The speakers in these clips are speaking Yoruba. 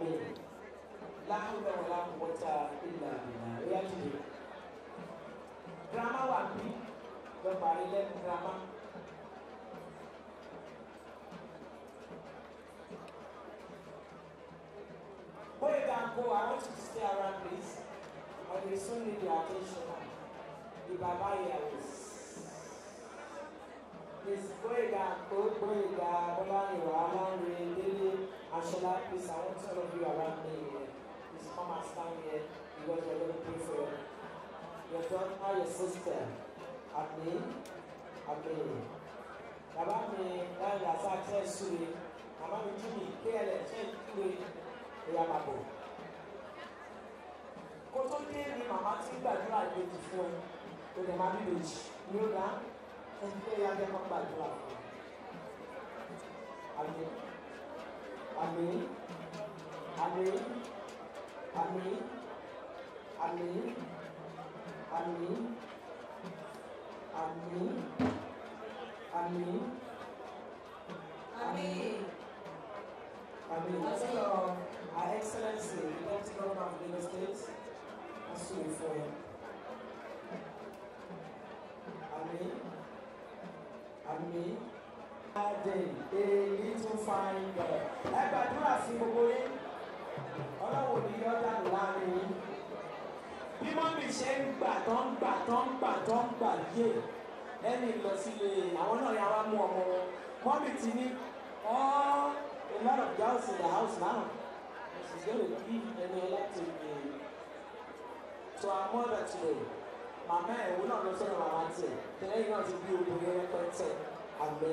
Amen. La hawla wala quwwata illa billah. Ó yá dìde. Girama wà bí bẹ́ẹ̀ parí lẹ́nu girama. Where you go, I want you to stay around, please. I will soon need your attention. The Baba here is ìsìnkú ìgbà tó gbọ́ ìgbà bọ́láyìnwá aláwọ̀ délé aṣọlá please I want all of you around me here please come and stand here because we are going to pray for you your daughter your sister àbí àbí bàbá mi láyé àṣà àti ẹ̀sùn mi màmá mi jù mí kéèlè ṣe ìdílé ìyá bàbò kótó dé ni màmá ti gbàdúrà ìbejì fún ẹ kò dẹ̀ máa bí bèjì ní ó dáa. empregada com palavra. Amém. Amém. Amém. Amém. Amém. Amém. Amém. Amém. Amém. Amém. Pastor, Her Excellency, the Deputy Governor of the United States, assume for him. day a little fine girl. ẹ gbàdúrà sí gbogbo yín ọlọ́wọ́ ní yọ́dá láàrin yín bí mọ́mí ṣe ń gbà tó ń gbà tó ń gbà tó ń gbà yé ẹni lọ sílé àwọn náà yà wá mú ọmọ wọn mọ́mí ti ní all a lot of girls in the house now she's gonna give Eniola to me to her mother today màmá ẹ̀ wọ́n náà lọ sọ́dọ̀ màmá tiẹ̀ tẹ́lẹ̀ yìí náà ti bí obìnrin rẹpẹtẹ àmì.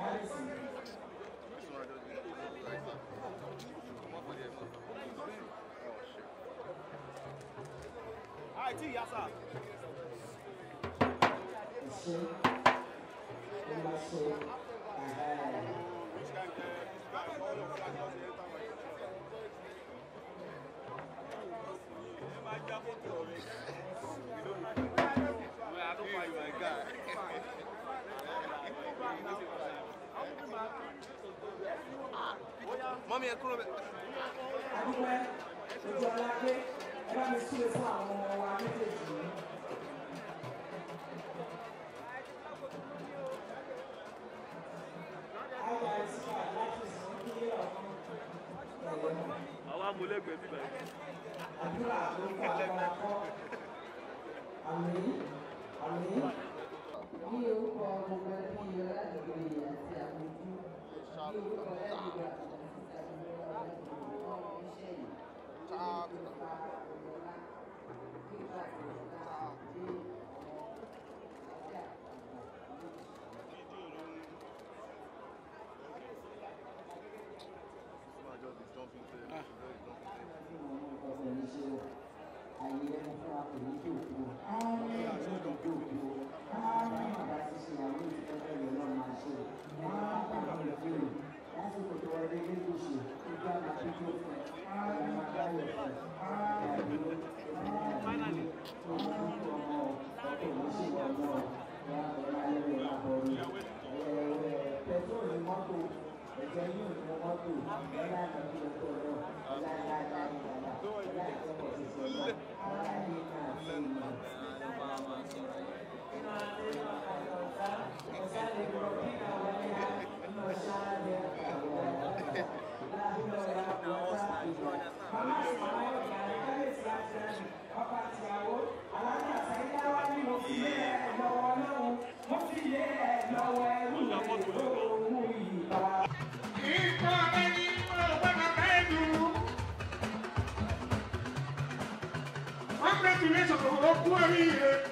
Alright, T, y'all stop. You see? When I saw, I had. mi ẹ kúrò bẹ́ẹ̀. adúpẹ́ ojú ọlá pé ẹ bá mi súre fún àwọn ọmọ wa méjèèjì yìí. ayọ̀ àìsíkà láti sùn kí ilé ọ̀hún ẹ̀yẹ̀mọ̀. àwa amúlẹ́gbẹ̀ẹ́ bíbá yìí. àdúrà ló ń bá ara kọ́ àmì àmì ní orúkọ gbogbo ẹbí ọlá ìgbéyàwó àti àbójú ní orúkọ ẹbí ọlá. คุณ Congratulations on the poor here.